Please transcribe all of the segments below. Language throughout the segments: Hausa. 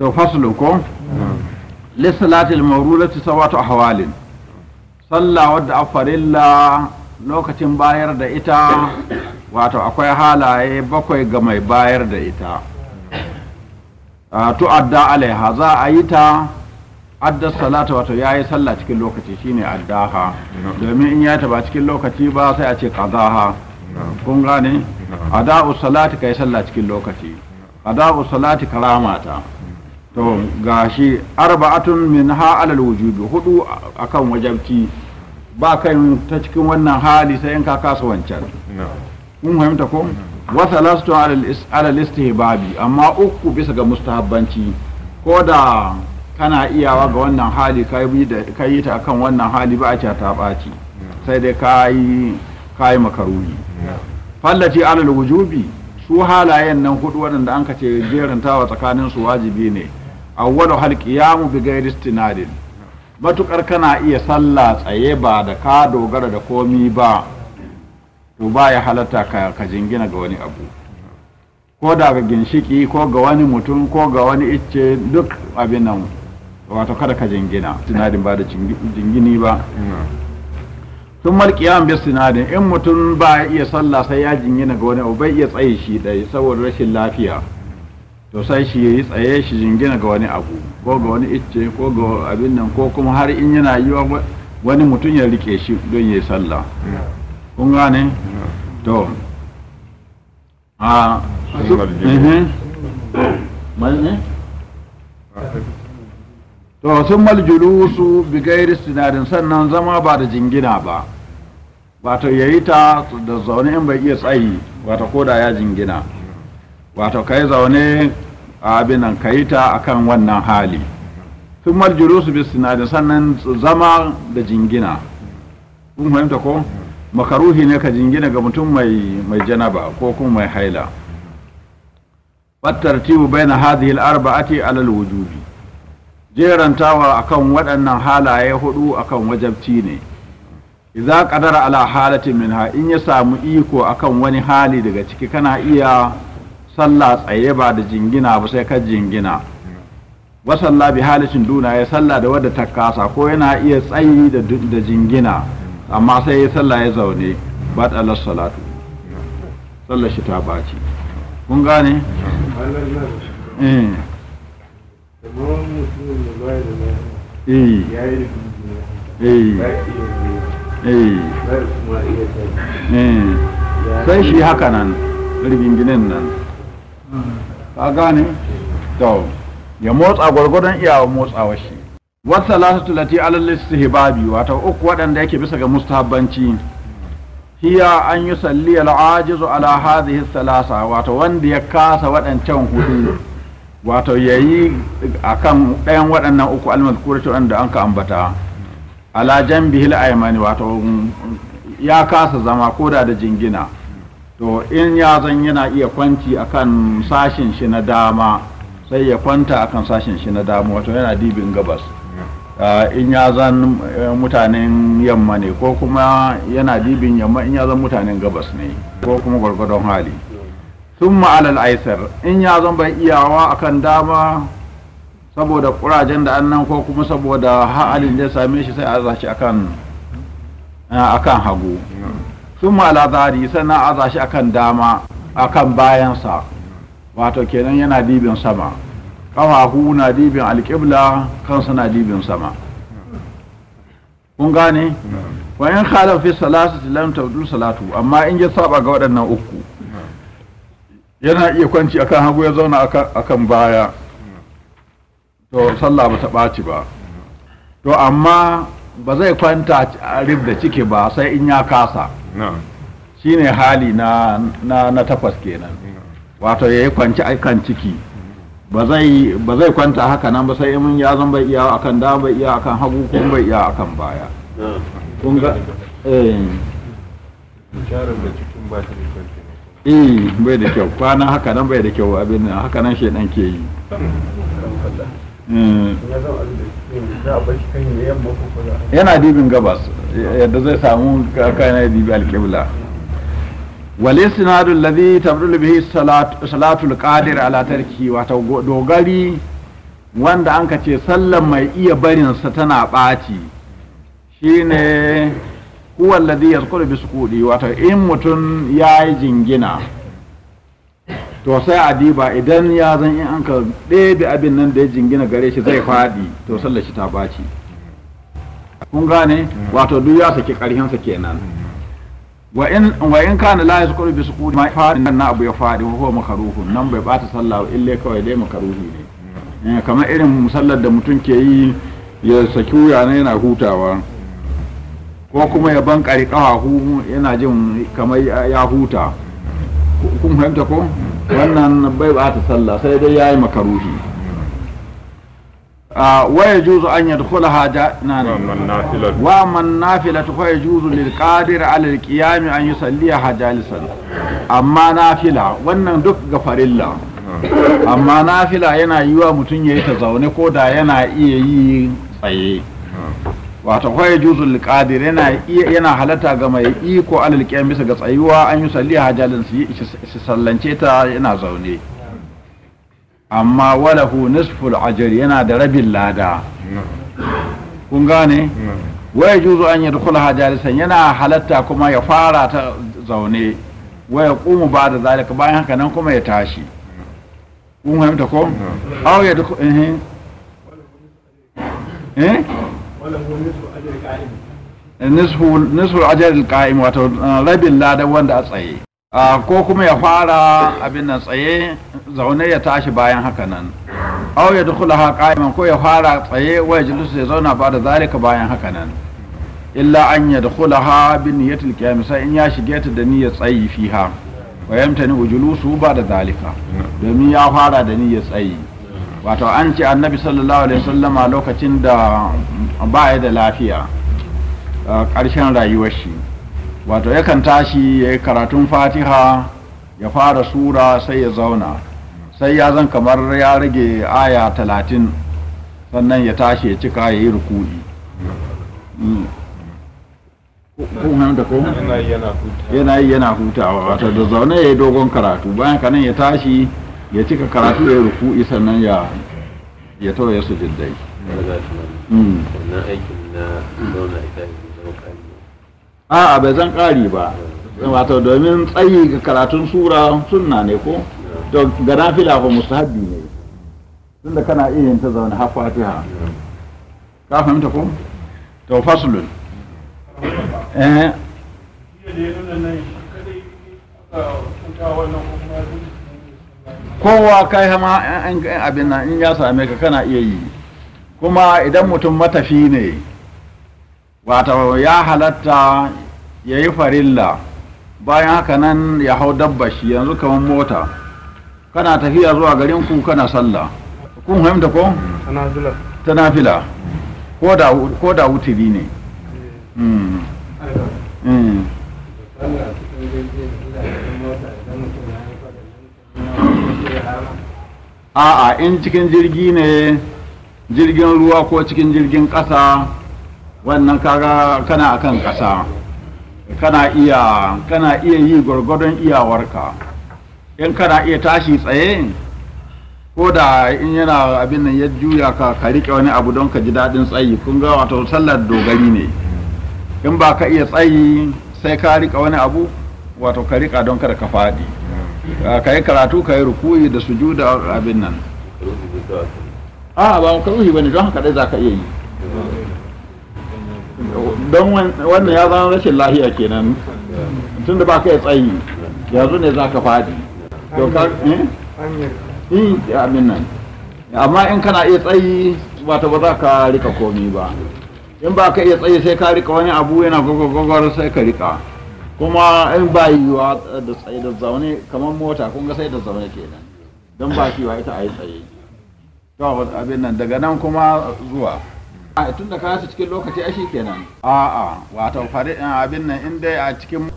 to faslu ko lissalatil mawrulati sawatu ahwalin sallah wadda afarilla lokacin bayar da ita wato akwai halaye bakwai ga mai bayar da ita tu'adda alaiha za a yi ta adda salata wato yayi sallah cikin lokaci shine addaha domin in ya ba cikin lokaci ba sai a ce qadaha kun gane ada'u salati kai sallah cikin lokaci ada'u salati ta. to shi arba'atun min ha alal wujubi hudu akan wajabci ba kai ta cikin wannan hali sai in ka kasa wancan kun fahimta ko wa thalathatu alal istihbabi amma uku bisa ga mustahabbanci ko da kana iyawa ga wannan hali ka yi ta akan wannan hali ba a ce ta ɓaci sai dai ka yi makaruni fallaci alal wujubi su halayen nan hudu wadanda an ka ce jerin tawa tsakanin su wajibi ne awwalu hal qiyamu bi ghairi istinadin matukar kana iya sallah tsaye ba da ka dogara da komi ba to ba ya halatta ka, ka jingina ga wani abu ko da ga ginshiki ko ga wani mutum ko ga wani icce duk abin nan wato kada ka jingina sinadin ba da jingini ba sun malkiyan bi sinadin in mutum ba iya sallah sai ya jingina ga wani abu bai iya tsaye shi ɗaya saboda rashin lafiya to sai shi yi tsaye shi jingina ga wani abu ko ga wani icce ko ga abin nan ko kuma har in yana yiwa wani mutum ya rike shi don ya sallah kun gane to a ah. to sun maljulusu bi gairi sinadin sannan zama ba da jingina ba wato yayi ta da zaune in bai iya tsayi wato koda ya jingina wato ka yi zaune abin nan ka yi ta akan wannan hali sun maljuru su bis sinadin sannan zama da jingina kun fahimta ko makaruhi ne ka jingina ga mutum mai janaba ko kuma mai haila fattartibu baina hadhihi al-arba'ati ake alal wujubi jerantawa akan waɗannan halaye hudu akan wajabci ne idza qadara ala halatin minha in ya samu iko akan wani hali daga ciki kana iya sallah tsaye ba da jingina ba sai ka jingina wa sallah bi halicin duna ya sallah da wadda ta kasa ko yana iya tsayi da jingina amma sai ya sallah ya zaune ba da salatu sallah shi ta baci kun gane eh. Eh. Eh. eh sai shi haka nan riginginin nan ka gane to ya motsa gwargwadon iyawa motsawa shi wasa lasatu lati su Hibabi wata uku waɗanda yake bisa ga mustahabbanci hiya an yi salli al'ajizu ala hadhihi salasa wata wanda ya kasa waɗancan hudu wato a kan ɗayan waɗannan uku almazkurati wanda an ka ambata ala janbihi aimani wato ya kasa zama koda da jingina to in ya zan yana iya kwanci akan sashin shi na dama sai ya kwanta akan sashin shi na dama wato yana dibin gabas mm. ah, in ya zan eh, mutanen yamma ne ko kuma yana dibin yamma in ya zan mutanen gabas ne ko kuma gwargwadon hali sun ma'alal aisar in ya zan bai iyawa akan dama saboda kurajen da annan ko kuma saboda ha'alin da same shi sai a zaci akan ah, hagu mm. sun al'azari zari sannan aza shi akan dama akan bayansa wato kenan yana dibin sama ƙafafu na dibin alƙibla kansa na dibin sama kun gane wa in khalaf fi salati lam tabdul salatu amma in ya saba ga waɗannan uku yana iya kwanci akan hagu ya zauna akan baya to sallah ba ta ɓaci ba to amma ba zai kwanta a rib da ciki ba sai in ya kasa shine hali na na takwas kenan wato yayi kwanci akan ciki ba zai kwanta haka nan ba sai in ya zan bai iya akan da bai iya akan hagu ko bai iya akan baya kun ga eh eh bai da kyau kwana haka nan bai da kyau abin nan haka nan shedan ke yi yana dibin gabas yadda zai samu kayan ya dibi alƙibla والاستناد الذي تبدل به salatul القادر على تركه wata dogari wanda an ka ce sallan mai iya barinsa tana ɓaci shine huwa alladhi da bi kudi wata in mutum ya yi jingina to sai a diba idan ya zan in an ka ɗebe abin nan da ya jingina gare shi zai faɗi to sallar ta ɓaci kun gane wato duk ya saki karhin sa kenan wa in wa in kana la yasqulu bi suqudi ma fa'in nan abu ya fadi huwa makruhun nan bai bata sallah illa kawai dai makruhi ne eh, kamar irin musallar da mutum ke yi ya saki wuya ne yana hutawa ko kuma ya ban kari yana jin kamar ya huta kun fahimta ko wannan bai bata sallah sai dai yayi makruhi Wa ويجوز أن يدخلها جنانا وأما النافلة فيجوز للقادر على القيام أن يصليها جالسا أما نافلة wannan duk ga farilla amma nafila yana yi wa mutum ya yi ta zaune ko da yana iya yi tsaye wato kwaye juzul liqadir yana yana halatta ga mai iko alal qiyam bisa ga tsayuwa an yi salliha jalan su sallance ta yana zaune amma walahu nisful ajr yana da rabin lada kun gane waya juzu an yadkhulaha jalisan yana halatta kuma ya fara ta zaune waya qumu ba'da zalika bayan haka nan kuma ya tashi kun fahimta ko aw ya duk eh, eh eh nisfu nisfu ajr al-qa'im wato eh, rabin lada wanda a tsaye ko kuma ya fara abin nan tsaye zaune ya tashi bayan haka nan aw ya dukula ha qa'iman ko ya fara tsaye wa yajlisu ya zauna ba da zalika bayan haka nan illa an ya dukula ha bi niyyatil qiyam sai in ya shige ta da niyyar tsayi fiha wa yamtani ujulusu ba da zalika domin ya fara da niyyar tsayi wato an ce annabi sallallahu alaihi wasallama lokacin da ba ya da lafiya karshen rayuwar shi wato yakan tashi ya yi karatun fatiha ya fara sura sai ya zauna sai ya zan kamar ya rage aya talatin sannan ya tashi ya cika ya yi rukuni yana yi yana hutawa wato da zaune ya yi dogon karatu bayan kanan ya tashi ya cika karatu ya yi rukuni sannan ya ya tawaye su jiddai mm. wannan aikin na zauna ita a'a bai zan ƙari ba wato domin tsayi ga karatun sura sunna ne ko to ga nafila ko mustahabbi ne tunda kana iya yin ta zaune har fatiha ka fahimta ko to faslun eh kowa kai hama abin nan in ya same ka kana iya yi kuma idan mutum matafi ne wata ya halatta ya yi farilla bayan haka nan ya hau dabba shi yanzu kamar mota kana tafiya zuwa garin ku kana sallah kun fahimta ko? Tana fila ko da wutiri ne hmm. Hmm. a'a in cikin jirgi ne jirgin ruwa ko cikin jirgin ƙasa wannan kaga kana akan ƙasa kana iya kana iya yi gwargwadon iyawarka in kana iya tashi tsaye ko da in yana abin nan ya juya ka ka rike wani abu don ka ji daɗin tsayi kun ga wato sallar dogari ne in ba ka iya tsayi sai ka riƙa wani abu wato ka rika don kada ka faɗi ka yi karatu ka yi rukuyi da sujuda abin nan a ba ka ruhi bane don haka dai za ka iya yi don wannan ya zama rashin lahiya kenan tun da ba ka tsayi yanzu ne za ka fadi eh? eh ya amin nan amma in kana iya tsayi ba ta ba za ka rika komi ba in ba ka iya tsayi sai ka rika wani abu yana gwagwagwagwar sai ka rika kuma in ba yiwuwa da tsaye da zaune kamar mota kun ga sai da zaune kenan don ba shi wa ita a yi tsaye abin nan daga nan kuma zuwa a tun da kasa cikin lokaci a shi kenan a'a wato fari eh, abin nan in dai a cikin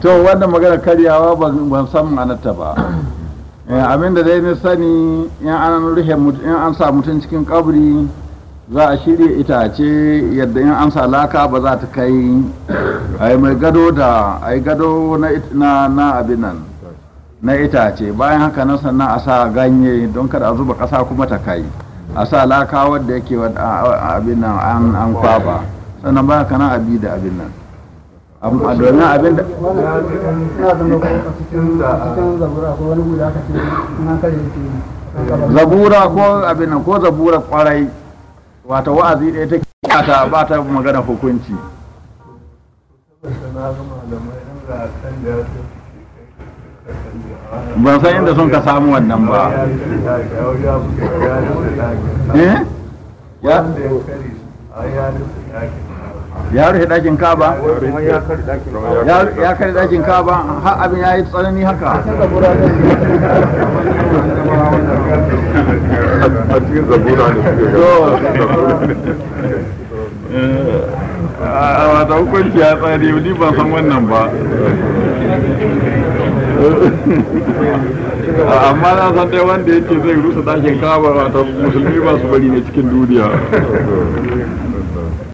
to wannan magana karyawa ban san ma'anarta ba eh, abin da dai na sani in an rufe in an sa mutum cikin kabri za a shirya itace yadda in an sa laka ba za ta kai ai mai gado da ai gado na na abin nan na itace bayan haka nan sannan a sa ganye don kada a zuba ƙasa kuma ta kai a sa laka wanda yake abin nan an kwaba sannan bayan haka nan abi da abin nan amma domin abin da zabura ko abin nan ko zabura kwarai wata wa'azi ɗaya take ba ta magana hukunci ban san inda sun ka samu wannan ba ya rufe ɗakin kaba ya kare ɗakin kaba har abin ya yi tsanani haka a cikin zabura ne a wata hukunci ya tsari ni ban san wannan ba amma na san dai wanda yake zai rusa dakin kaba wata musulmi ba su bari ne cikin duniya